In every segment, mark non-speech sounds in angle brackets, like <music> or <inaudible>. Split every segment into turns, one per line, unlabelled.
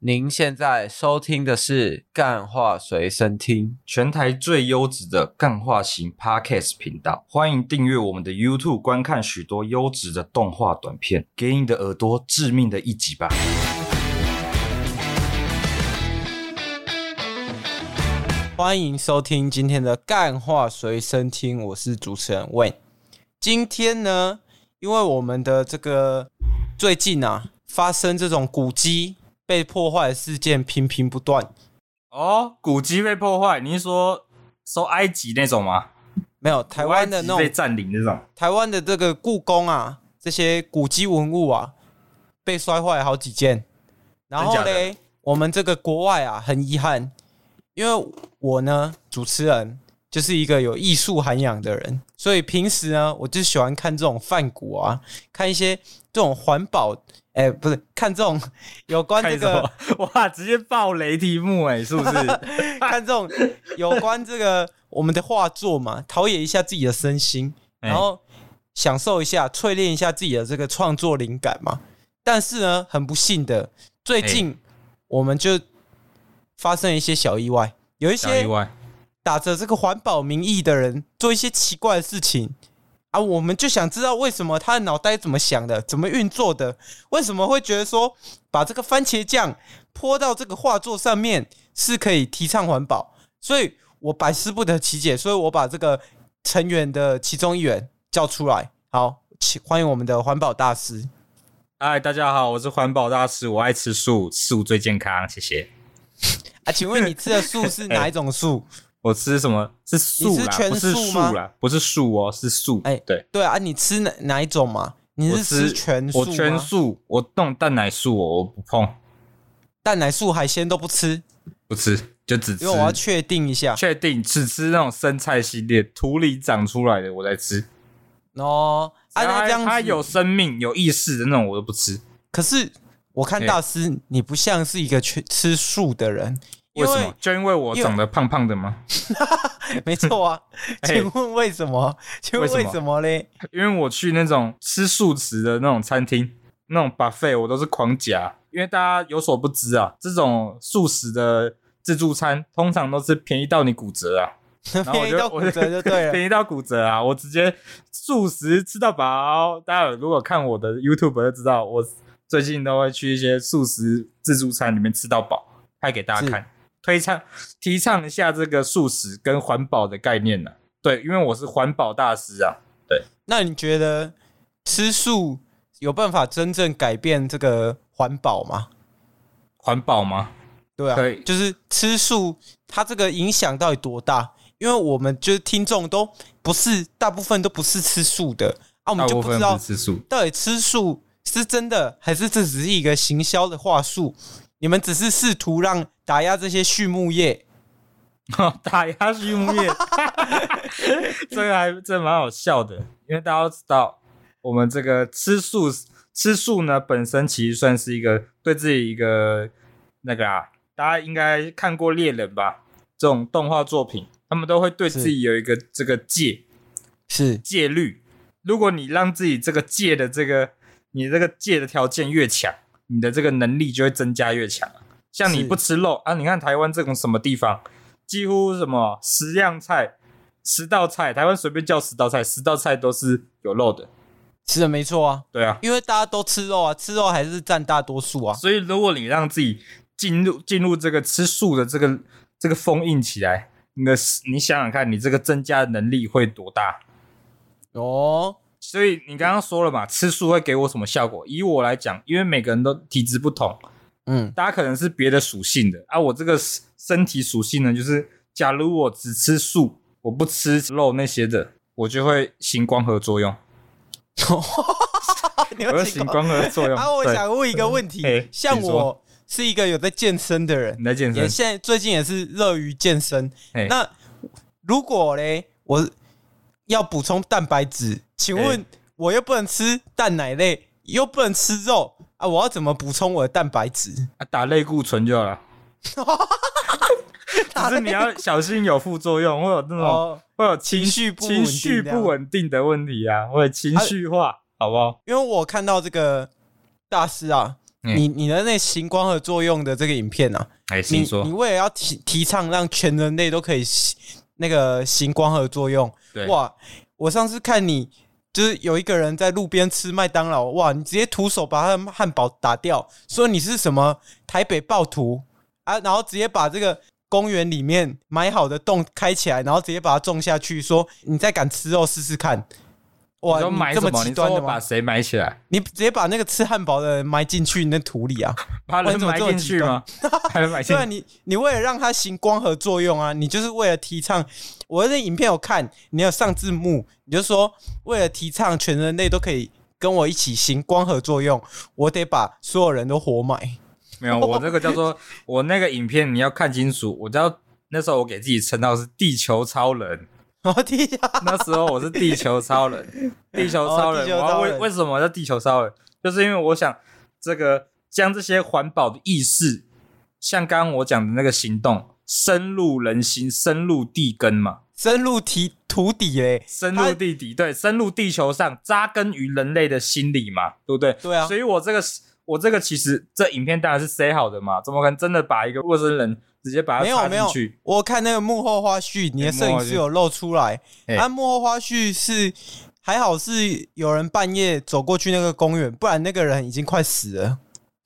您現在收聽的是《幹話隨身聽》，全台最優質的幹話型 podcast 頻道。歡迎訂閱我們的 YouTube，觀看許多優質的動畫短片，給你的耳朵致命的一擊吧！歡迎收聽今天的
《幹話隨身聽》，我是主持人 Wayne。今天呢，因為我們的這個最近啊，發生這種股擊。被破壞事件頻頻不斷
哦，古蹟被破壞，你是說搜埃及那種嗎？沒有，台灣的那種被占領那種。台灣的這個故宮啊，
這些古蹟文物啊，被摔壞好幾件。然後嘞，我們這個國外啊，很遺憾，因為我呢，主持人就是一個有藝術涵養的人，所以平時呢，我就喜歡看這種梵谷啊，看一些這種環保。哎、欸，不是看這種有關這個，哇，直接爆雷題目哎、欸，是不是？ <laughs> 看這種有關這個我們的畫作嘛，陶冶一下自己的身心，欸、然後享受一下，淬煉一下自己的這個創作靈感嘛。但是呢，很不幸的，最近、欸、我們就發生一些小意外，有一些打着這個環保名義的人做一些奇怪的事情。啊，我們就想知道為什麼他的腦袋怎麼想的，怎麼運作的，為什麼會覺得說把這個番茄醬潑到這個畫作上面是可以提倡環保？所以我百思不得其解。所以我把這個成員的其中一員叫出來，好，請歡迎我們的環保大師。
嗨，大家好，我是環保大師，我愛吃素，素最健康，謝謝。啊，
請問你吃的素是哪一
種素？ <laughs> 我吃什麼？是素啦，是全素嗎？不是素啦，不是素哦。喔，是素。哎、欸，對
對啊，你吃哪哪一種嘛？你是我吃，吃全素？我全素。
我那蛋奶素，喔，我我不碰。
蛋
奶素、海鮮都不吃，不吃就只吃。因為我要確定一下，確定只吃那種生菜系列，土裡長出來的我才吃。
哦，它、啊、這樣子，它有
生命、有意識的那種我都不吃。可是我看大師，欸、你不像是一個吃素的人。為什麼？就因為我長得胖胖的嗎？ <laughs> 沒錯錯啊 <laughs> 請、欸，請問為什麼？請問為什麼嘞？因為我去那種吃素食的那種餐廳，那種 buffet 我都是狂夾。因為大家有所不知啊，這種素食的自助餐通常都是便宜到你骨折啊，然後我就便宜到骨折就對，就便宜到骨折啊！我直接素食吃到飽。大家如果看我的 YouTube 就知道，我最近都會去一些素食自助餐裡面吃到飽，拍給大家看。提倡提倡一下這個素食跟環保的概念呢、啊？對，因為我是環保大師啊。對，那你覺得吃
素有辦法真正改變這個環保嗎？環保嗎？對啊，可以。就是吃素，它這個影響到底多大？因為我們就是聽眾，都不是大部分都不是吃素的啊，我們就不知道吃素到底吃素是真的還是這只是一個行銷的話術。你們只
是試圖讓打壓這些畜牧業，哦，打壓畜牧業，這 <laughs> 個還真的蠻好笑的。因為大家都知道，我們這個吃素，吃素呢本身其實算是一個對自己一個那個啊，大家應該看過《獵人》吧？這種動畫作品，他們都會對自己有一個這個戒，是戒律。如果你讓自己這個戒的這個，你這個戒的條件越強。你的這個能力就會增加越強。像你不吃肉啊，你看台灣這種什麼地方，幾乎什麼十樣菜、十道菜，台灣隨便叫十道菜，十道菜都是有肉的。是的沒錯啊。對啊，因為大家都吃肉啊，吃肉還是占大多數啊。所以如果你讓自己進入進入這個吃素的這個這個封印起來，你的你想想看，你這個增加的能力會多大？哦。所以你剛剛說了嘛，吃素會給我什麼效果？以我來講，因為每個人都體質不同，嗯，大家可能是別的屬性的，啊，我這個身身體屬性呢，就是假如我只吃素，我不吃肉那些的，我就會行光合作用。
哈哈哈哈哈！你會行光合作用？啊，我想問一個問題，嗯，像我是一個有在健身的人，你在健身，現在最近也是樂於健身。那如果嘞，我。要補充蛋白質，請問、欸、我又不能吃蛋奶類，又不能吃肉啊！我要怎麼補充我的蛋白質啊？打類固醇就好了。可 <laughs> 是
你要小心有副作用，會有那種、哦、會有情緒情緒不穩定，不穩定的問題啊，會有情緒化、啊，好不
好？因為我看到這個大師啊，嗯、你你的那“行光合作用”的這個影片啊，欸、你說你，你為了要提提倡讓全人類都可以。那個行光合作用，哇！我上次看你，就是有一個人在路邊吃麥當勞，哇！你直接徒手把他的漢堡打掉，說你是什麼台北暴徒啊？然後直接把這個公園裡面埋好的洞開起來，然後直接把它種下去，說你再敢吃肉試試看。我埋什麼？你這麼極端的嗎？你說
我把誰埋起來？
你直接把那個吃漢堡的人埋進去那土裡啊！把人埋進去嗎？還沒埋進去嗎？對啊， <laughs> 你你為了讓他行光合作用啊，你就是為了提倡。我那影片有看，你有上字幕，你就說，為了提倡全人類都可以跟我一起行光合作用，我得把所有人都活埋。
沒有，我這個叫做 <laughs> 我那個影片你要看清楚。我叫那時候我給自己稱號是地球超人。麼 <laughs> 地球？那時候我是地球超人， <laughs> 地、球超人哦、地球超人。我為為什麼我叫地球超人？就是因為我想這個將這些環保的意識，像剛剛我講的那個行動，深入人心，深入地根嘛，深入地土底嘞、欸，深入地底，對，深入地球上扎根於人類的心理嘛，對不對？對啊，所以我這個。我這個其實這影片，當然是塞好的嘛，怎麼可能真的把一個陌生人直接把他插進去？沒有，沒有。
我看那個幕後花絮，你的攝影師有露出來。欸、啊，幕後花絮是還好是有人半夜走過去那個公園，不然那個人已經快死了。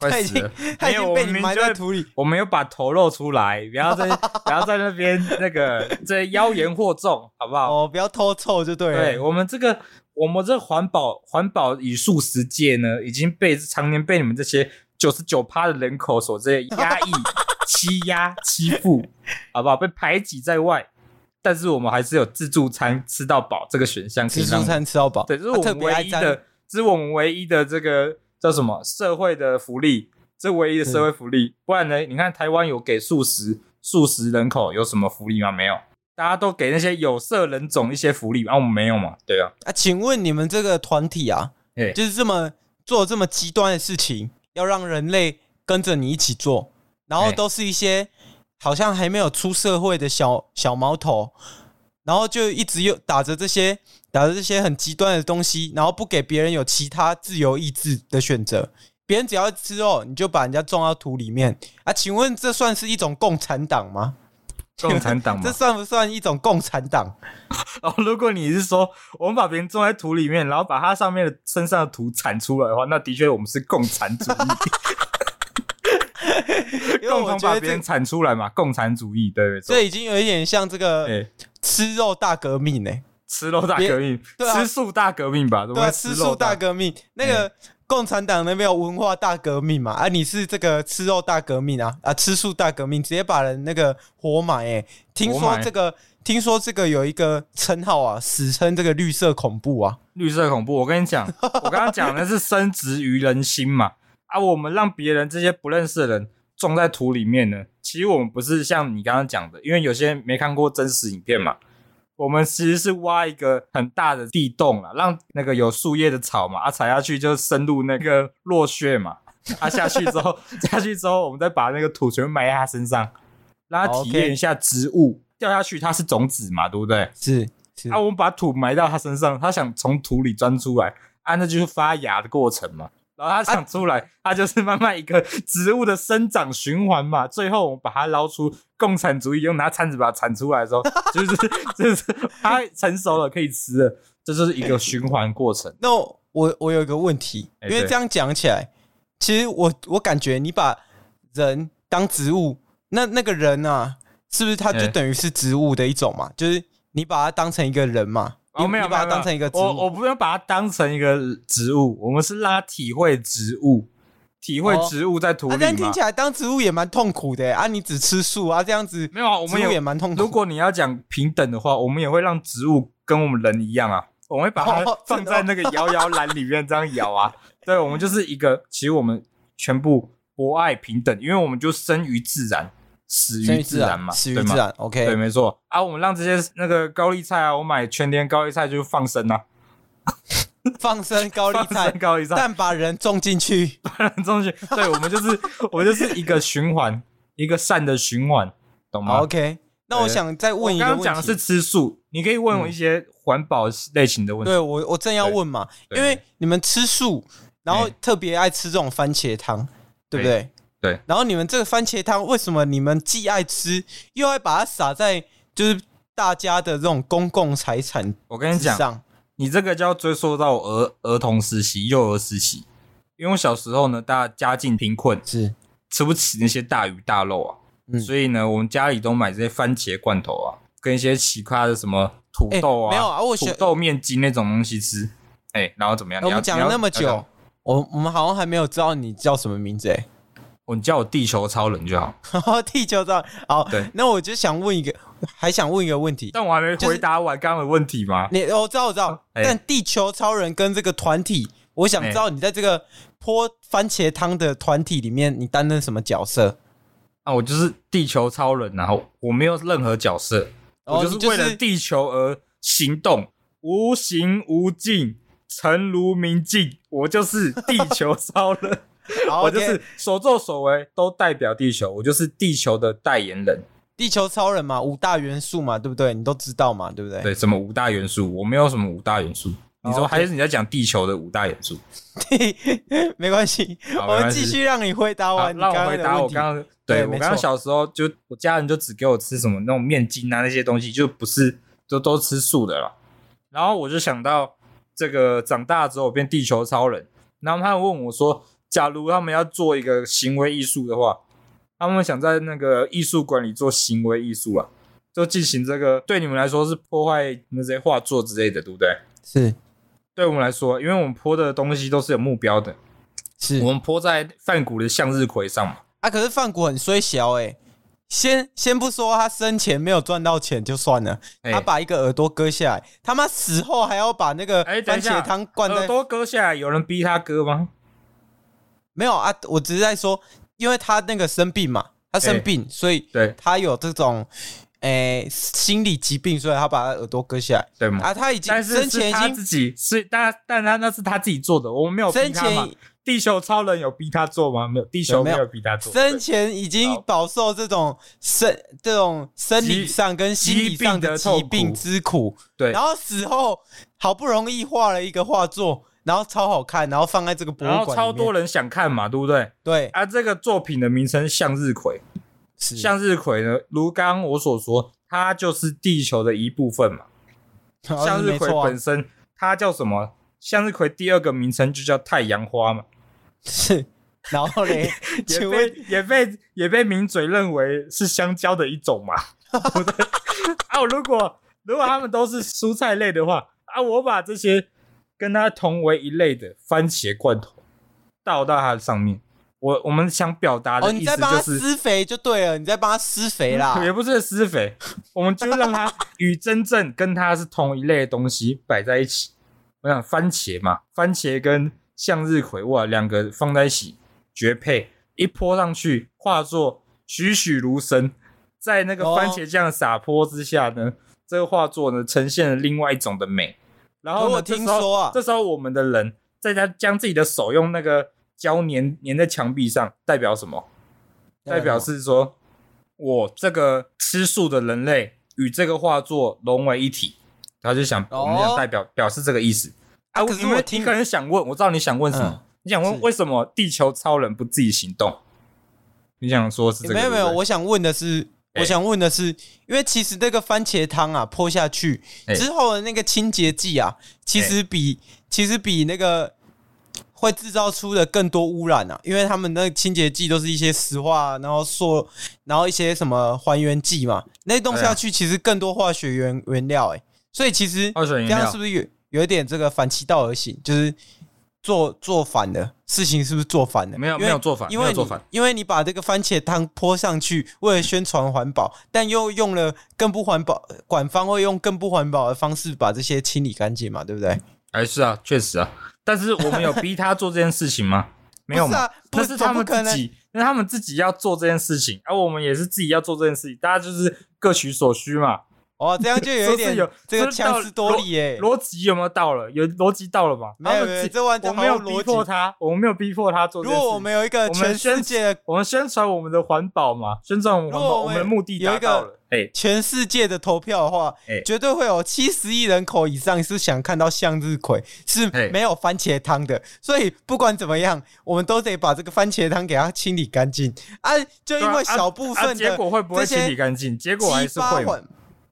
快死了！他，他被你們埋在土
裡，我沒有把頭露出來，不要在不要在那邊那個 <laughs> 這妖言惑眾，好不好？哦，不要偷臭就對了。對，我們這個我們這環保環保與素食界呢，已經被常年被你們這些九十九趴的人口所這些壓抑、欺壓、欺負， <laughs> 好不好？被排擠在外，但是我們還是有自助餐吃到飽這個選項，自助餐吃到飽，對，這是我們唯一的，這是我們唯一的這個。叫什麼社會的福利？這唯一的社會福利，不然呢？你看台灣有給素食、素食人口有什麼福利嗎？沒有，大家都給那些有色人種一些福利，啊，我們沒有嘛？對啊。啊，請問你們這個團體啊，欸、就
是這麼做這麼極端的事情，要讓人類跟着你一起做，然後都是一些、欸、好像還沒有出社會的小小毛頭，然後就一直又打着這些。打着這些很極端的東西，然後不給別人有其他自由意志的選擇，別人只要吃肉，你就把人家種到土裡面啊？請問這算是一種共產黨嗎？共產黨？這算不算一種共產黨？
共產黨嗎？ <laughs> 哦，如果你是說我們把別人種在土裡面，然後把它上面的身上的土鏟出來的話，那的確我們是共產主
義。 <laughs> <laughs> 因為我們把別人
鏟出來嘛？共產主義，對對對，這已
經有一點像這個
吃肉大革命呢、欸。吃肉大革命，啊，吃素大革命吧？
對，啊，吃素大革命。那個共產黨那邊有文化大革命嘛，嗯？啊，你是這個吃肉大革命啊？啊，吃素大革命直接把人那個活埋，欸。誒聽說這個，聽說這個有一
個稱號啊，史稱這個綠色恐怖啊，綠色恐怖。我跟你講，我剛剛講的是深植於人心嘛。 <laughs> 啊，我們讓別人這些不認識的人種在土裡面呢。其實我們不是像你剛剛講的，因為有些沒看過真實影片嘛。我們其實是挖一個很大的地洞了，讓那個有樹葉的草嘛，啊，踩下去就深入那個落穴嘛，它、啊、下去之後， <laughs> 下去之後，我們再把那個土全部埋在它身上，讓它體驗一下植物 okay, 掉下去，它是種子嘛，對不對？是，是，那、啊、我們把土埋到它身上，它想從土裡鑽出來，啊，那就是發芽的過程嘛。然後它長出來，它、啊、就是慢慢一個植物的生長循環嘛。最後我們把它撈出，共產主義用拿鏟子把它鏟出來的時候， <laughs> 就是就是它成熟了可以吃了，這就是一個循環過程。
欸、那我我有一個問題、欸，因為這樣講起來，其實我我感覺你把人當植物，那那個人啊，是不是他就等於是植物的一種嘛、欸？就是你把它當成一個人嘛？
我、哦哦、沒有，沒有，我我不用把它當成一個植物，我們是拉體會植物，體會植物在土裡、哦啊。但聽起來
當植物也蠻痛
苦的啊，你只吃素啊，這樣子沒有，我們也蠻痛苦。如果你要講平等的話，我們也會讓植物跟我們人一樣啊，我們會把它放在那個搖搖籃裡面這樣搖啊。哦、 <laughs> 對，我們就是一個，其實我們全部博愛平等，因為我們就生於自然。死於自然嘛，死於自然，對於自然，OK，對，沒錯啊，我們讓這些那個高麗菜啊，我買全天高麗菜就放生啊， <laughs> 放生高麗菜，高麗菜，但把人種進去，把人種進去，對我們就是 <laughs> 我們就是一個循環， <laughs> 一個善的循環，懂嗎？OK，那我想再問一個問題，剛剛講的是吃素、嗯，你可以問我一些環保類型的問題。對我，我正要問嘛，因為你們吃素，
然後特別愛吃這種番茄湯，對不對？對對，然後你們這個番茄湯為什麼你們既愛吃，又愛把它撒在就是大家的這種公共財產？我跟你講，
你這個就要追溯到我兒兒童時期、幼兒時期，因為我小時候呢，大家家境貧困，是吃不起那些大魚大肉啊，嗯、所以呢，我們家裡都買這些番茄罐頭啊，跟一些其他的什麼土豆啊，欸、沒有啊，我土豆麵筋那種東西吃，哎、欸，然後怎麼樣？你我們講那麼久，我我們好像還沒有知道你叫什麼名字哎、欸。你叫我地球超人就好、
哦。地球超人，好，對。那我就想問一個，還想問一個問題，但
我還沒回答
完剛剛的問題嗎、就是？你，我知道，我知道。嗯、但地球超人跟這個團體、欸，我想知道你在這個潑番茄湯的團體裡面，你擔任什麼角色？
啊，我就是地球超人、啊，然後我沒有任何角色、哦，我就是為了地球而行動，哦就是、無形無盡，沉如明鏡，我就是地球超人。 <laughs> Oh, okay. 我就是所作所為都代表地球，我
就是地球的代言人，地球超人嘛，五大元素嘛，對不對？你都知道嘛，對不
對？對，什麼五大元素？我沒有什麼五大元素。Oh, okay. 你說還是你在講地球的五大元素？ <laughs> 沒關係，我繼續讓
你回答我、啊。讓我回答我剛剛。對，對我剛，剛小
時候就我家人就只給我吃什麼那種麵筋啊那些東西，就不是就都吃素的了。然後我就想到這個長大了之後變地球超人，然後他問我說。假如他們要做一個行為藝術的話，他們想在那個藝術館裡做行為藝術啊，就進行這個。對你們來說是破壞那些畫作之類的，對不對？是，對我們來說，因為我們潑的東西都是有目標的。是我們潑在梵谷的向日葵上嘛？啊，可是梵谷很衰
小哎、欸。先先不說他生前沒有賺到錢就算了、欸，他把一個耳朵割下來，他媽死後還要把那個番茄湯灌在、欸、耳朵割下來，有人逼他割嗎？沒有啊，我只是在說，因為他那個生病嘛，他生病，欸、所以他有這種誒、欸、心理疾病，所以他把他耳
朵割下來，對嗎？啊，他已經生前已經是他自己是，但但他那，那是他自己做的，我沒有生前，地球超人有逼他做嗎？沒有，地球沒有逼他做。生前已經
飽受這種生這種生理上跟心理上的疾病之苦，
苦對，然後
死後好不容易畫了一個畫作。然後超好看，然後
放在這個博物館裡面，然後超多人想看嘛，對不對？對啊，這個作品的名稱向日葵，向日葵呢，如剛剛我所說，它就是地球的一部分嘛。啊，向日葵本身，啊，它叫什麼？向日葵第二個名稱就叫太陽花嘛。是，然後嘞 <laughs> 也被也被也被名嘴認為是香蕉的一種嘛。 <laughs> 啊，如果如果他們都是蔬菜類的話，啊，我把這些。跟它同為一類的番茄罐頭倒到它的上面，我我們想表達的意思、就是哦、你在幫它施肥就對了，你在幫它施肥啦，也不是施肥，我們就讓它與真正跟它是同一類的東西擺在一起。我想番茄嘛，番茄跟向日葵哇，兩個放在一起絕配，一潑上去，畫作栩栩如生。在那個番茄醬灑潑之下呢，哦、這個畫作呢呈現了另外一種的美。然後我聽說啊這，這時候我們的人在他將自己的手用那個膠粘粘在牆壁上，代表什麼？代表是說，我這個吃素的人類與這個畫作融為一體。他就想、哦，我們想代表表示這個意思。啊，啊可是我聽因為你個人想問，我知道你想問什麼、嗯？你想問為什麼地球超人不自己行動？嗯、你想說是這個、欸？沒有沒有，我
想問的是。欸、我想問的是，因為其實這個番茄湯啊潑下去之後的那個清潔劑啊，其實比、欸、其實比那個會製造出的更多污染啊，因為他們那個清潔劑都是一些石化，然後塑，然後一些什麼還原劑嘛，那東西下去其實更多化學原原料、欸，哎，所以其實這樣是不是有有一點這個反其道而行，就是。做做反的事情是不是做反了？沒有沒有做反，因為因為你把這個番茄湯潑上去，為了宣傳環保，但又用了更不環保，呃、官方會用更不環
保的方式把這些清理乾淨嘛？對不對？哎，是啊，確實啊。但是我們有逼他做這件事情嗎？ <laughs> 沒有，不是，、啊、不是他們自己，那他、他們自己要做這件事情，而、啊、我們也是自己要做這件事情，大家就是各取所需嘛。哦，這樣就有一點個、欸、有，這個強詞奪理哎，邏輯有沒有到了？有邏輯到了嗎？沒有，這
完全沒有邏輯。他，
我沒有逼迫他做。如果我們有一個全世界的，我們宣傳我們的環保嘛，宣傳我們目的我們有到了。全世界的投票的話，hey. 絕對會有
七十億人口以上是想看到向日葵是沒有番茄湯的，所以不管怎麼樣，我們都得把這個番茄湯給它清理乾淨。啊，就因為小部分，結果會不會先清理乾淨？結果還是會。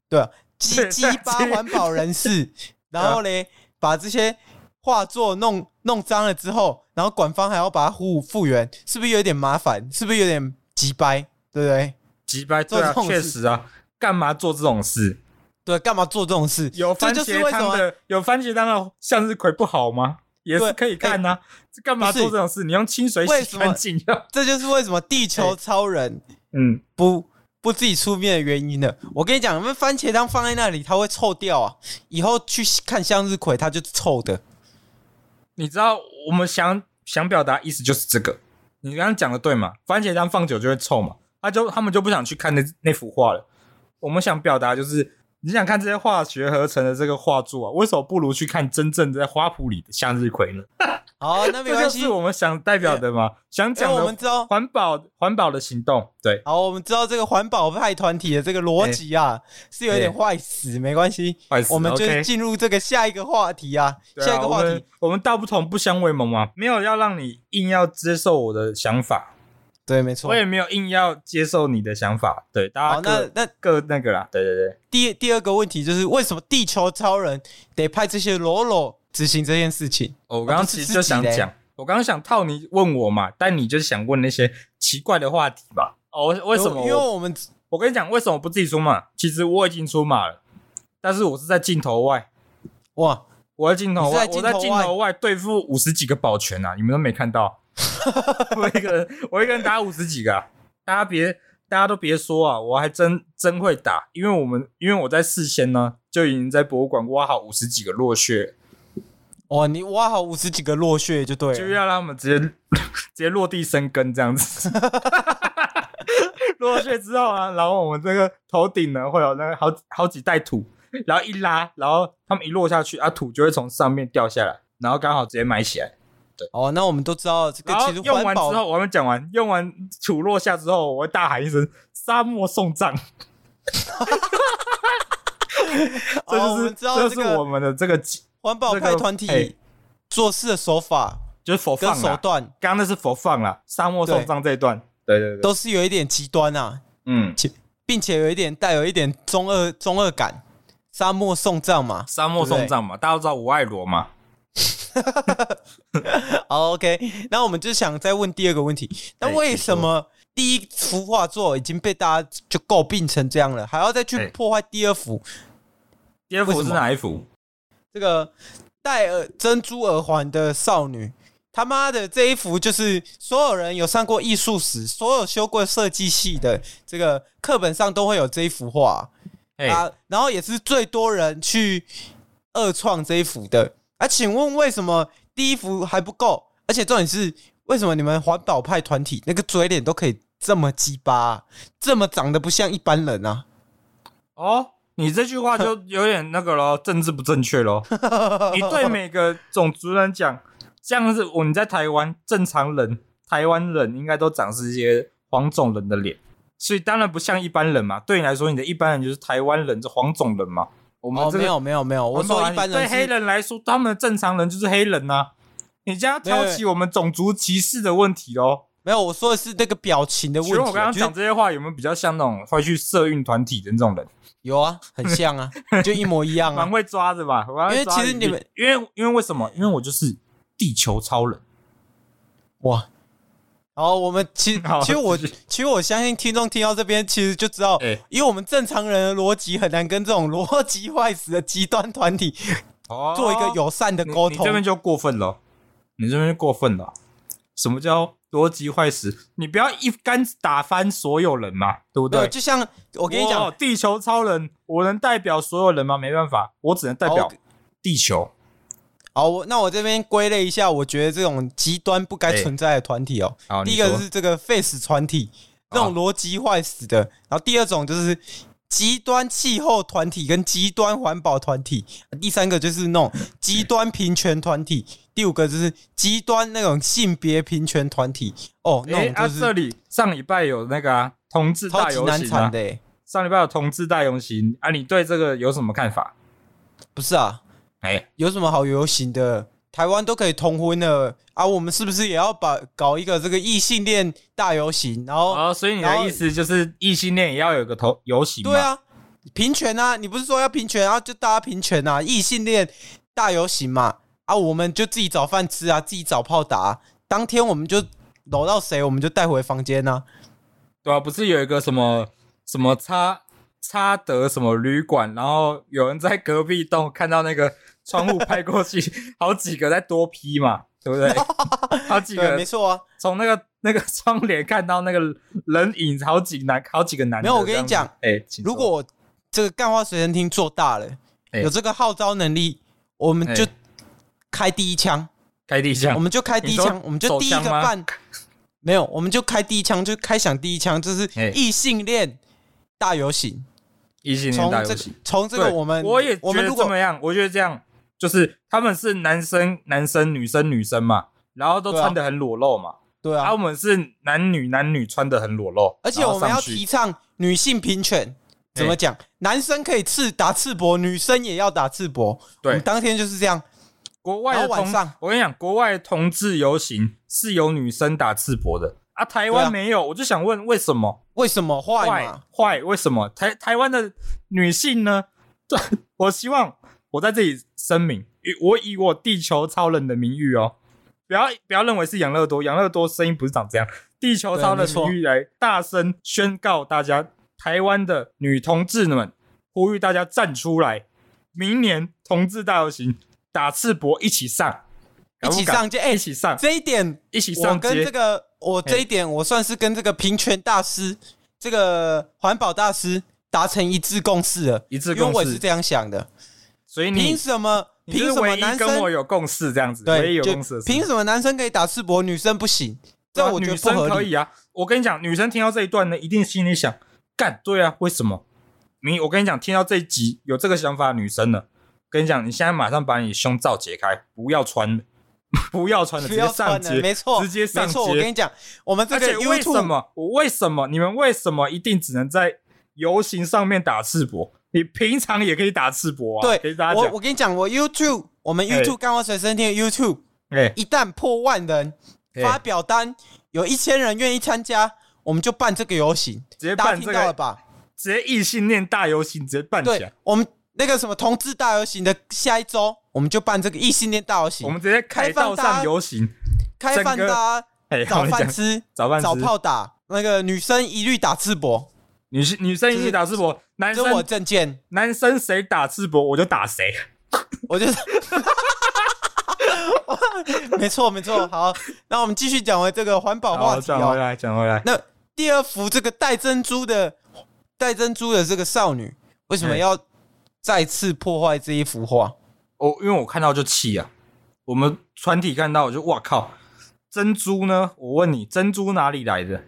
對啊，雞雞巴環保人士，然後嘞，把這些畫作弄弄髒了之後，然後館方還要把它呼復復原，是不是有點麻煩？是不是有點雞掰？對
不對？雞掰對、啊、做這種事確實啊，幹嘛做這種事？對，幹嘛做這種事？有番茄湯的、啊，有番茄湯的向日葵不好嗎？也是可以看啊，欸、幹嘛做這種事？你用清水洗乾淨，為什麼，這就是為什麼地球超人嗯、
欸、不。嗯不自己出面的原因呢？我跟你講，我們番茄湯放在那裡，它會臭掉
啊！以後去看向日葵，它就是臭的。你知道，我們想想表達意思就是這個。你剛剛講的對嘛？番茄湯放久就會臭嘛？他就他們就不想去看那那幅畫了。我們想表達就是，你想看這些化學合成的這個畫作，啊，為什麼不如去看真正在花圃裡的向日葵呢？ <laughs> 好、哦，那沒關係，這就是我們想代表的嘛、欸，想講、欸、我們知道環保環保的行動。對，好，
我們知道這個環保派團體的這個邏輯啊、欸，是有點壞死，沒關係，我們就進入
這個下一個話題啊。啊下一個話題，我們道不同，不相為謀嘛？沒有要讓你硬要接受我的想法，對，沒錯，我也沒有硬要接受你的想法，對，大家各、哦、那各那個啦那，對對對。第第二個問題就是，為什麼地球超人得派這些嘍囉？執行這件事情，oh, 哦、我剛剛其實就想講，我剛剛想套你問我嘛，但你就想問那些奇怪的話題吧？哦、oh，為什麼？因為我們，我跟你講，為什麼我不自己出馬？其實我已經出馬了，但是我是在鏡頭外。哇！我在鏡頭、頭外，我在鏡頭外對付五十幾個保全啊！你們都沒看到， <laughs> <laughs> 我一個人，我一個人打五十幾個，啊，大家別，大家都別說啊！我還真真會打，因為我們，因為我在事先呢、啊、就已經在博物館挖好五十幾個落穴。哦，你挖好五十幾個落穴就對，就要讓他們直接直接落地生根這樣子。 <laughs> 落穴之後啊，然後我們這個頭頂呢會有那個好幾好幾袋土，然後一拉，然後他們一落下去啊，土就會從上面掉下來，然後剛好直接埋起來。對，哦，那我們都知道這個其實用完之後，我們講完用完土落下之後，我會大喊一聲“沙漠送葬”。哈哈哈哈哈！這就是，哦、這個、這就是我們的這個。環保派團體做事的手法就是佛放、啊、手段。剛剛那是佛放了沙漠送葬這一段對，對對對，都是有一點極端啊。嗯且，
並且有一點帶有一點中二中二感。沙漠送葬嘛，沙漠送葬嘛對對，大家都知道我愛羅嘛 <laughs> <laughs> 好。OK，那我們就想再問第二個問題：欸、那為什麼第一幅畫作已經被大家就詬病成這樣了，還要再去破壞第二幅、欸欸？第二幅是哪一幅？這個戴耳珍珠耳環的少女，他媽的這一幅就是所有人有上過藝術史，所有修過設計系的這個課本上都會有這一幅畫，啊、hey.，啊、然後也是最多人去二創這一幅的。啊，請問為什麼第一幅還不夠？而且重點是，為什麼你們環保派團體那個嘴臉都可以這麼雞巴、啊，
這麼長得不像一般人啊？哦。你這句話就有點那個咯， <laughs> 政治不正確咯。 <laughs> 你對每個種族人講，像是我你在台灣正常人，台灣人應該都長是一些黃種人的臉，所以當然不像一般人嘛。對你來說，你的一般人就是台灣人，是黃種人嘛。我們、哦、沒有沒有沒有，我說一般人是我對黑人來說，他們的正常人就是黑人吶、啊。你這樣挑起我們種族歧視的問題咯。沒有，我說的是那個表情的問題、啊。其實我剛剛講這些話有沒有比較像那種會去社運團體的那種人？有啊，很像啊， <laughs> 就一模一樣啊。蠻會抓的吧？蠻會抓的，因為其實你們，因為因為，因為為什麼？因為我就是地球超人。哇！
然、哦、我們其實，其實我其實我相信聽眾聽到這邊，其實就知道、欸，因為我們正常人的邏輯很難跟這種邏輯壞死的極
端團體、哦、做一個友善的溝通。你，你這邊就過分了，你這邊就過分了。什麼叫邏輯壞死？你不要一竿子打翻所有人嘛，對不對？就像我跟你講，地球超人，我能代表所有人嗎？沒辦法，我只能代表地球。
好，我那我這邊歸類一下，我覺得這種極端不該存在的團體哦、欸。第一個是這個 face 團體，這種邏輯壞死的。然後第二種就是。極端氣候團體跟極端環保團體，第三個就是那種極端平權團體，第五個就是極端那種性別平權團體。
哦，那、就是欸啊，這裡上禮拜有那個啊、同志大遊行，啊欸，上禮拜有同志大遊行，啊，你對這個有什麼看法？不是啊，哎、欸，有什麼
好遊行的？
台灣都可以同婚了啊，我
們是不是也要把搞一個這個異性戀大遊行？然後、哦、所以你的意思
就是異性戀也要有個頭
遊行嗎？對啊，平權啊！你不是說要平權，啊，就大家平權啊，異性戀大遊行嘛？啊，我們就自己找飯吃啊，自己找炮打、啊。當天我們就摟到誰，我們就帶回房間啊。
對啊，不是有一個什麼什麼差差德什麼旅館，然後有人在隔壁棟看到那個。窗戶拍過去， <laughs> 好幾個在多 P 嘛，對不對？ <laughs> 好幾個，沒錯啊。從那個那個窗簾看到那個人影，好幾男，好幾個男的。沒有，我跟你講，哎、欸，如果這個幹話隨身聽做大了、欸，有
這個號召能力，我們就開第一槍，開第一槍，我們就開第一槍，我們就第一個辦。沒有，我們就開第一槍，就開響第一槍，就是異
性戀大遊行，異性戀大遊行。從這個，這個、這個我們我也覺得怎麼樣我？我覺得這樣。就是他們是男生，男生女生、女生嘛，然後都穿得很裸露嘛，對啊，對啊，啊我們是男女男女穿得很裸露，而且我們要提
倡女性平權，
怎麼講、欸？男生可以刺打赤膊，女生也要打赤膊，對，當
天就是這樣。國外的晚上，
我跟你講，國外同志遊行是有女生打赤膊的啊，台灣沒有，啊，我就想問為什麼？為什麼壞壞？為什麼台台灣的女性呢？對，我希望。我在這裡聲明，我以我地球超人的名譽哦、喔，不要不要認為是養樂多，養樂多聲音不是長這樣。地球超人的名譽來大聲宣告，大家，台灣的女同志們，呼籲大家站出來，明年同志大遊行打赤膊一起上，一起上就、欸、一起上。這一
點，一起上。我跟這個、欸、我這一點，我算是跟這個平權大師，欸、這個環保大師達成一致共識了，一致共識，因為我是這樣想的。
所以你憑什麼？憑什麼你跟我有共識這樣子，也有共識。憑什麼男生可以打赤膊，女生不行？這我覺得不合理。女生可以啊！我跟你講，女生聽到這一段呢，一定心裡想：幹對啊，為什麼？你我跟你講，聽到這一集有這個想法的女生呢，跟你講，你現在馬上把你胸罩解開，不要穿了 <laughs> 不要穿了，不要穿了，直接上街，沒錯，直接上街。我跟你講，我們這個 YouTube, 為什麼？我為什麼？你們為什麼一定只能在遊行上面打赤膊？你平常也可以打赤膊啊！對，我我
跟你講，我 YouTube，我們 YouTube 幹我隨身聽 YouTube，一旦破萬人，發表單，有一千人願意參加，我們就辦這個遊行，直接辦這個、大家聽到了吧，直接異性戀大遊行，直接辦起來。我們那個什麼同志大遊行的下一週，我們就辦這個異性戀大遊行，我們直接凱道上遊行，
開飯大，家開飯大家，早飯吃，早飯吃早炮打，那個女生一律打赤膊。女女生一起打赤膊，就是，男生我正件。男生誰打赤膊，我就打誰。我就是 <laughs> <laughs> 沒錯，沒錯沒錯。好，
那我們繼續講回這個環保話題、哦。講回
來，講回來。那
第二幅這個戴珍珠
的戴珍珠的這個少女，為什麼要再次破壞這一幅畫？我、欸哦、因為我看到就氣啊！我們船體看到我就哇靠！珍珠呢？我問你，珍珠哪裡來的？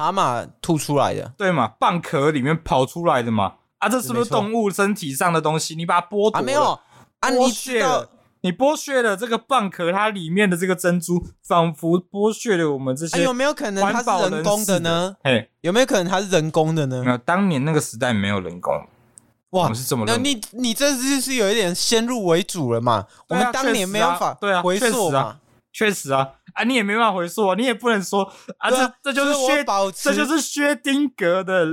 蛤蟆吐出來的，對嘛？蚌殼裡面跑出來的嘛？啊，這是不是動物身體上的東西？你把它剝、啊、沒有？剝、啊、削了？你剝削了這個蚌殼，它裡面的這個珍珠，仿佛剝削了我們這些，有沒有可能它是人工的呢？哎、啊，有沒有可能它是人工的呢？沒有，當年那個時代沒有人工，哇，怎麼是這麼你？你
你這就是有一點先入為主了嘛？我們當年沒有法回溯，對啊，確實啊，確、啊、實
啊。啊、你也沒辦法回溯、啊，你也不能說啊，啊！這這就是薛，這就是薛丁格的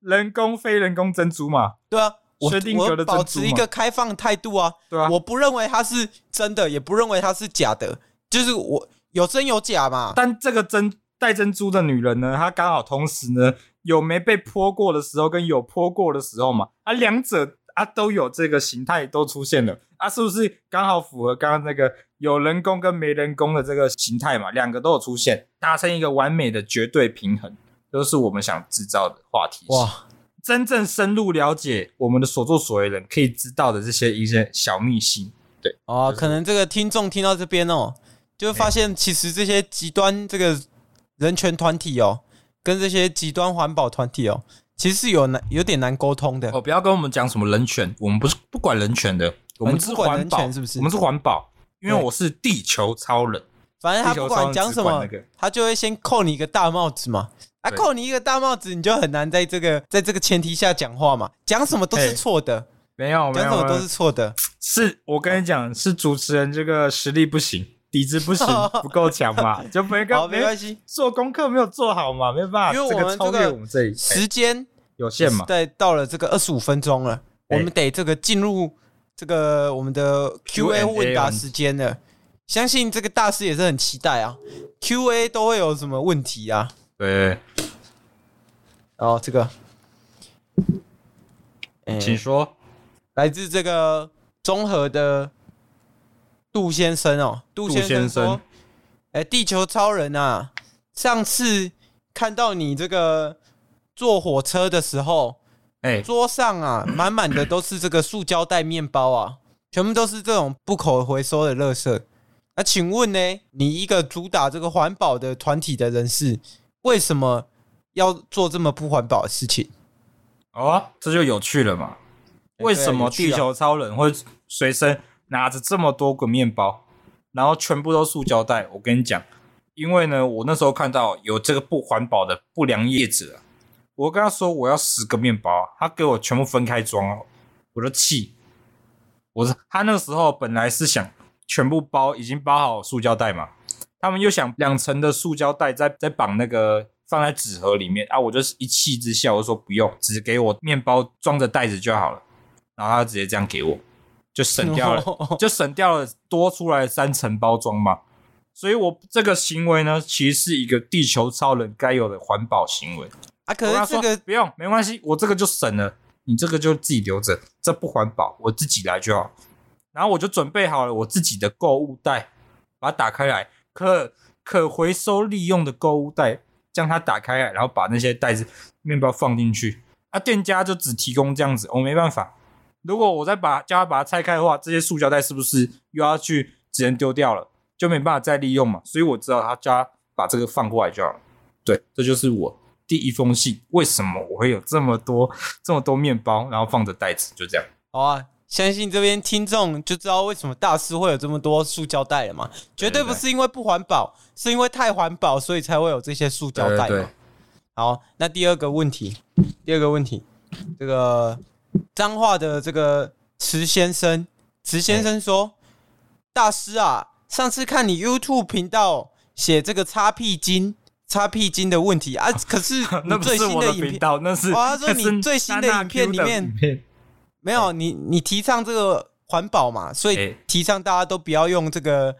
人工非人工珍珠嘛？對啊，薛丁格的珍珠嘛，我我保持一個開
放態度啊！對啊，我不認為它是真的，也不認為它是假的，就是我
有真有假嘛。但這個真戴珍珠的女人呢，她剛好同時呢有沒被潑過的時候，跟有潑過的時候嘛，啊，兩者。啊，都有這個形態都出現了啊，是不是剛好符合剛剛那個有人工跟沒人工的這個形態嘛？兩個都有出現，達成一個完美的絕對平衡，都是我們想制造的話題哇！真正深入了解我們的所作所為，人可以知道的這些一些小秘辛，對哦、就是，可能這個聽眾聽到這邊哦，就發現
其實這些極端這個人權團體哦，跟這些極端環保
團體哦。其實是有難，有點難溝通的。哦，不要跟我們講什麼人權，我們不是不管人權的，我們是環保，是不是？我們是環保，因為我是地球超人。反正他不管講什麼、那個，
他就會先扣你一個大帽子嘛。啊，扣你一個大帽子，你就很難在這個在這個前提下講話嘛。講什麼都是錯的，沒有，講什麼都是
錯的。我是，我跟你講，是主持人這個實力不行。底子不行， <laughs> 不夠強嘛，就沒有。好，沒關係，做功課沒有做好嘛，沒辦法。因為我們這個們這、欸、時間有限嘛，對，
到了這個二十五分鐘了、欸，我們得這個進入這個我們的 QA Q A 問答時間了。相信這個大師也是很期待啊。Q A 都會有什麼問題啊？對，對。然後這個、欸，請說，來自這個綜合的。杜先生哦、喔，杜先生說：“哎，地球超人啊，上次看到你這個坐火車的時候，哎，桌上啊滿滿的都是這個塑膠袋、麵包啊，全部都是這種不可回收的垃圾、啊。那請問呢，你一個主打這個環保的團體的人士，為什麼要做這麼不環保的事情？
哦，這就有趣了嘛、欸。啊啊、為什麼地球超人會隨身？”拿着這麼多個麵包，然後全部都塑膠袋。我跟你講，因為呢，我那時候看到有這個不環保的不良業者，我跟他說我要十個麵包，他給我全部分開裝哦。我就氣，我說他那個時候本來是想全部包，已經包好塑膠袋嘛，他們又想兩層的塑膠袋再再綁那個放在紙盒裡面啊，我就一氣之下我說不用，只給我麵包裝着袋子就好了，然後他就直接這樣給我。就省掉了，就省掉了多出來的三層包裝嘛，所以我這個行為呢，其實是一個地球超人該有的環保行為啊。可是這個不用，沒關係，我這個就省了，你這個就自己留着，這不環保，我自己來就好。然後我就準備好了我自己的購物袋，把它打開來，可可回收利用的購物袋，將它打開來，然後把那些袋子麵包放進去。啊，店家就只提供這樣子，我沒辦法。如果我再把他叫他把它拆開的話，這些塑膠袋是不是又要去直接丟掉了？就沒辦法再利用嘛？所以我知道他叫他把這個放過來就好了。對，這就是我第一封信。為什麼我會有這麼多這麼多麵包，然後放着袋子？就這樣。好啊，相信
這邊聽眾就知道為什麼大師會有這麼多塑膠袋了嘛？絕對不是因為不環保，是因為太環保，所以才會有這些塑膠袋嘛。對對對。好，那第二個問題，第二個問題，這個。彰化的這個池先生，池先生說：“欸、大師啊，上次看你 YouTube 頻道寫這個擦屁巾、擦屁巾的問題啊，可是那最新的影片、啊、那不是我的頻道，那是……啊、他說你最新的影片裡面那那片沒有你，你提倡這個環保嘛，所以提倡大家都不要用這個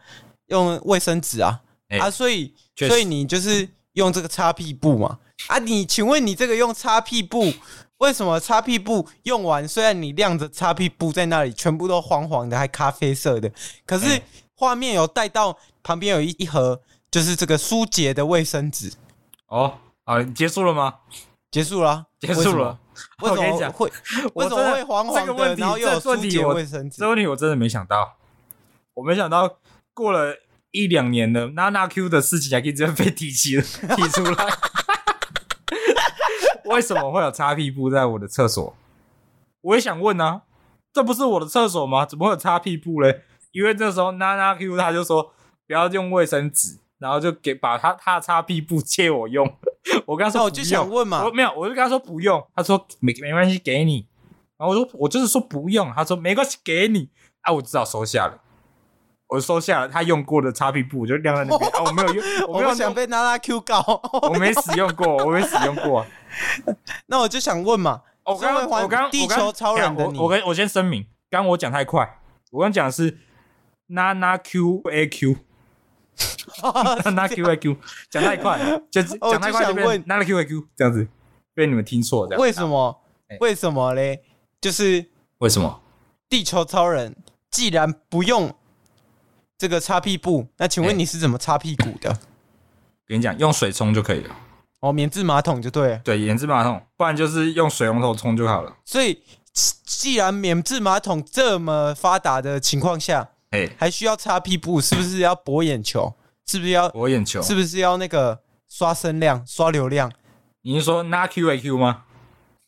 用衛生紙啊、欸、啊，所以所以你就是用這個擦屁布嘛啊？你請問你這個用擦屁布？”為什麼擦屁股用完，雖然你晾着擦屁布在那裡，全部都黃黃的，還咖啡色的，可是畫、嗯、面有帶到旁邊有一一盒，就是這個舒潔的衛生紙。哦，啊，結束了嗎？結束了，結束了。為什麼、啊、為什麼會這？為什麼會黃黃的？這個、問題然後又有舒潔衛生
紙？這問題我真的沒想到，我沒想到過了一兩年了，娜娜 Q 的事情還跟這樣被提起了提出來。 <laughs> 為什麼會有擦屁布在我的廁所？我也想問啊，這不是我的廁所嗎？怎麼會有擦屁布嘞？因為這時候娜娜 Q 他就說不要用衛生紙，然後就給把他他的擦屁布借我用。我跟他說、啊、我就想問嘛，我，沒有，我就跟他說不用。他說沒沒關係，給你。然後我說我就是說不用。他說沒關係，給你。啊，我只好收下了，我收下了他用過的擦屁布，我就晾在那邊。
啊，我沒有用，我沒有，我不想被娜娜 Q 告，我沒， <laughs> 我沒使用過，我沒使用過、啊。
<laughs> 那我就想問嘛，我剛我剛地球超人的你，我跟我先聲明，剛剛我講太快，我剛講的是拿拿 Q A Q，拿拿 Q A Q 講太快， <laughs> 我就想問講太快，這邊拿 Q A Q 這樣子被你們聽錯了。為什麼？
為什麼嘞？就是為什麼？地球超人既然不用這個擦屁股，那請問你是怎麼擦屁股
的？ <laughs> 跟你講，用水沖就可以了。
哦、免治馬桶就對了，
對免治馬桶，不然就是用水龍頭沖就好了。
所以，既然免治馬桶這麼發達的情況下，哎，還需要擦屁股？是不是要博眼球？是不是要博眼球？是不是要那個刷聲量、刷流量？
你是說拿 Q A Q 嗎？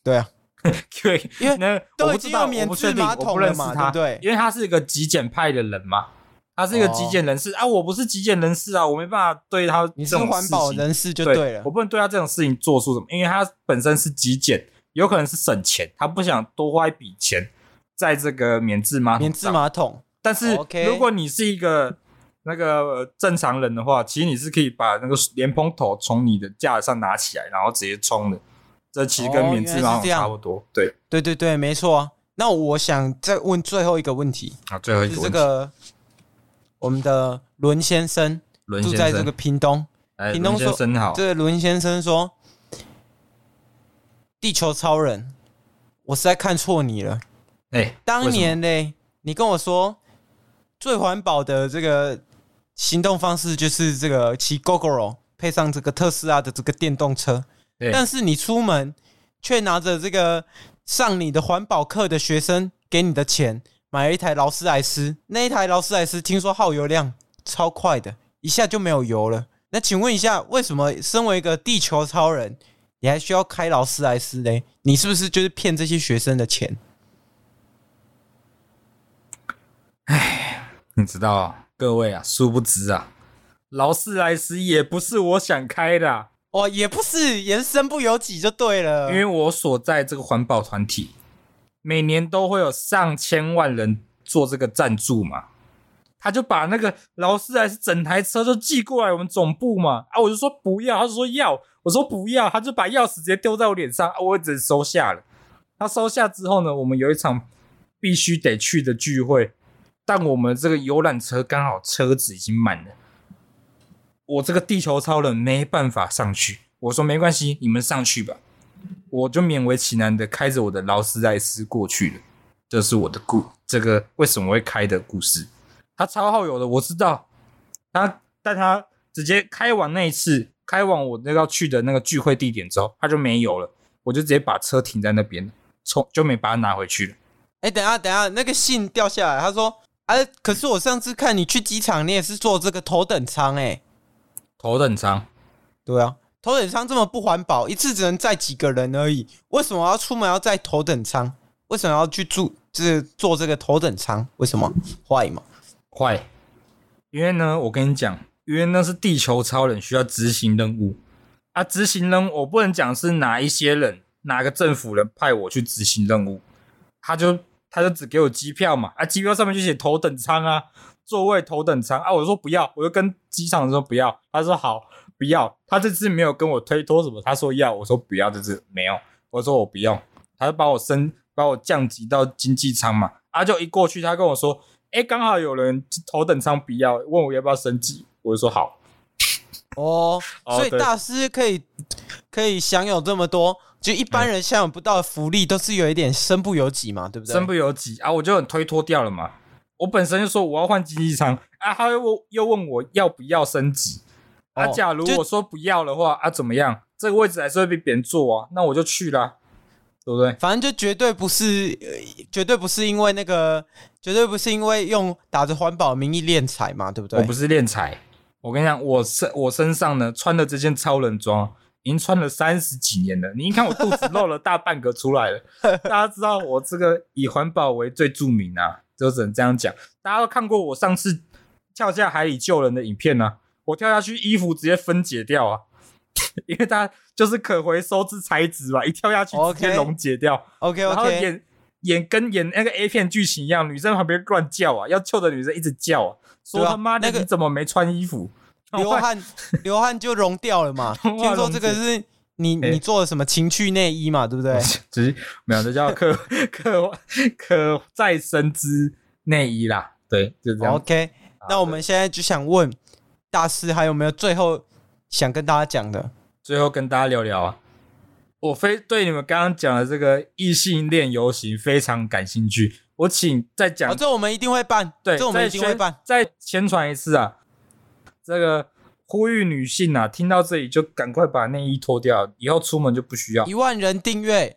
對啊，qaq <laughs> 因為 <laughs> 那都不知道，免治馬桶我不,我不認識他，對,對，因為他是一個極簡派的人嘛。他是一個極簡人士、oh. 啊，我不是極簡人士啊，我沒辦法對他。你是環保人士就對了。對，我不能對他這種事情做出什麼，因為他本身是極簡，有可能是省錢，他不想多花一筆錢在這個免治馬桶。免治馬桶，但是、oh, okay. 如果你是一個那個正常人的話，其實你是可以把那個蓮蓬頭從你的架子上拿起來，然後直接衝的，這其實跟免治馬桶差不多。Oh, 對
對對對，沒錯。那我想再問最後一個問題啊，最後一個問題，就是，這個。我們的倫先生住在這個屏東，屏東說，這個倫先生說，地球超人，我實在看錯你了。欸，當年呢，你跟我說最環保的這個行動方式就是這個騎 Gogoro 配上這個特斯拉的這個電動車，但是你出門卻拿着這個上你的環保課的學生給你的錢，買了一台勞斯萊斯，那一台勞斯萊斯聽說耗油量超快的，一下就沒有油了。那請問一下，為什麼身為一個地球超人，你還需要開勞斯萊斯呢？你是不是就是騙這些學生的錢？
哎呀，你知道啊，各位啊，殊不知啊，勞斯萊斯也不是我想開的啊，哦，也不是，人身不由己就對了，因為我所在這個環保團體。每年都會有上千萬人做這個贊助嘛，他就把那個勞斯萊斯整台車就寄過來我們總部嘛，啊，我就說不要，他就說要，我說不要，他就把鑰匙直接丟在我臉上，我也只收下了。他收下之後呢，我們有一場必須得去的聚會，但我們這個遊覽車剛好車子已經滿了，我這個地球超人沒辦法上去，我說沒關係，你們上去吧。我就勉為其難的開着我的勞斯萊斯過去了，這是我的故，這個為什麼會開的故事。他超耗油的，我知道。他，但他直接開完那一次，開往我那要去的那個聚會地點之後，他就沒油了，我就直接把車停在那邊，從就沒把它拿回去了。
哎、欸，等一下，等一下，那個信掉下來，他說，哎、啊，可是我上次看你去機場，你也是坐這個頭等艙誒、欸，
頭等艙，對啊。
頭等艙這麼不環保，一次只能載幾個人而已。為什麼要出門要載頭等艙？為什麼要去住、就是、坐這個頭等
艙？為什麼壞嗎？壞，因為呢，我跟你講，因為那是地球超人需要執行任務啊。執行任務，啊、我不能講是哪一些人，哪個政府人派我去執行任務，他就他就只給我機票嘛啊，機票上面就寫頭等艙啊，座位頭等艙啊。我說不要，我就跟機場說不要，他說好。不要，他這次沒有跟我推脫什麼。他說要，我說不要，這次沒有。我說我不要，他就把我升，把我降級到經濟艙嘛。啊，就一過去，他跟我說：“哎、欸，剛好有人頭等艙不要，問我要不要升級。”我就說：“好。”
哦，哦，所以大師可以可以享有這麼多，就一
般人享有不到的福利，都是有一點身不由己嘛，嗯、對不對？身不由己啊，我就很推脫掉了嘛。我本身就說我要換經濟艙，啊，他又又問我要不要升級。那、啊、假如我說不要的話啊，怎麼樣？這個位置還是會被別人坐啊，那我就去啦，對不對？反正就絕對不是，呃、絕對不是因為那個，絕對不是因為用打着環保名義斂財嘛，對不對？我不是斂財，我跟你講，我身我身上呢穿的這件超人裝，已經穿了三十幾年了。你一看我肚子露了大半個出來了， <laughs> 大家知道我這個以環保為最著名啊，就只能這樣講。大家都看過我上次跳下海裡救人的影片啊。我跳下去，衣服直接分解掉啊，因為它就是可回收之材質嘛，一跳下去直接溶解掉。OK，, okay, okay. 然後演演跟演那個 A 片劇情一樣，女生旁邊亂叫啊，要臭的女生一直叫，啊，說他媽的、啊你，那個、你怎麼沒穿衣服？流汗 <laughs> 流汗就融掉了嘛。聽說這個是你、欸、你做的什麼情趣內
衣嘛？對不對？只是沒有，這叫可 <laughs> 可可再生之內衣啦。
對，就這樣。OK，、
啊、那我們現在只想問。大師還有沒有最後想跟大家講的？
最後跟大家聊聊啊！我非對你們剛剛講的這個異性戀遊行非常感興趣。我請再講，哦，這我們一定會辦。對，這我們一定會辦。再宣傳一次啊！這個呼籲女性啊，聽到這裡就趕快把內衣脫掉，以後出門就不需要。一萬人訂閱，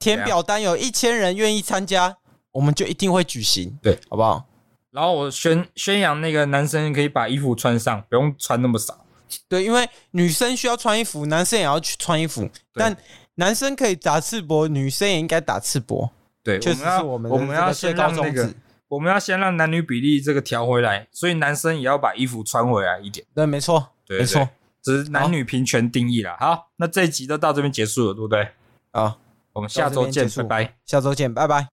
填表單有一千人願意參加，我們就一定會舉行。對，好不好？然後我宣宣揚那個男生可以把衣服穿上，不用穿那麼少。對，因為女生需要穿衣服，男生也要去穿衣服。但男
生可以打赤膊，女生也應該打赤膊。對，是我們我們，要，這個，我們要先讓這，那個，
我們要先讓男女比例這個調回來，所以男生也要把衣服穿回來一點。對，沒錯，對，對，沒錯，只是男女平權定義啦，哦。好，那這一集就到這邊結束了，對不對？好，我們下週見，拜拜。
下週見，拜拜。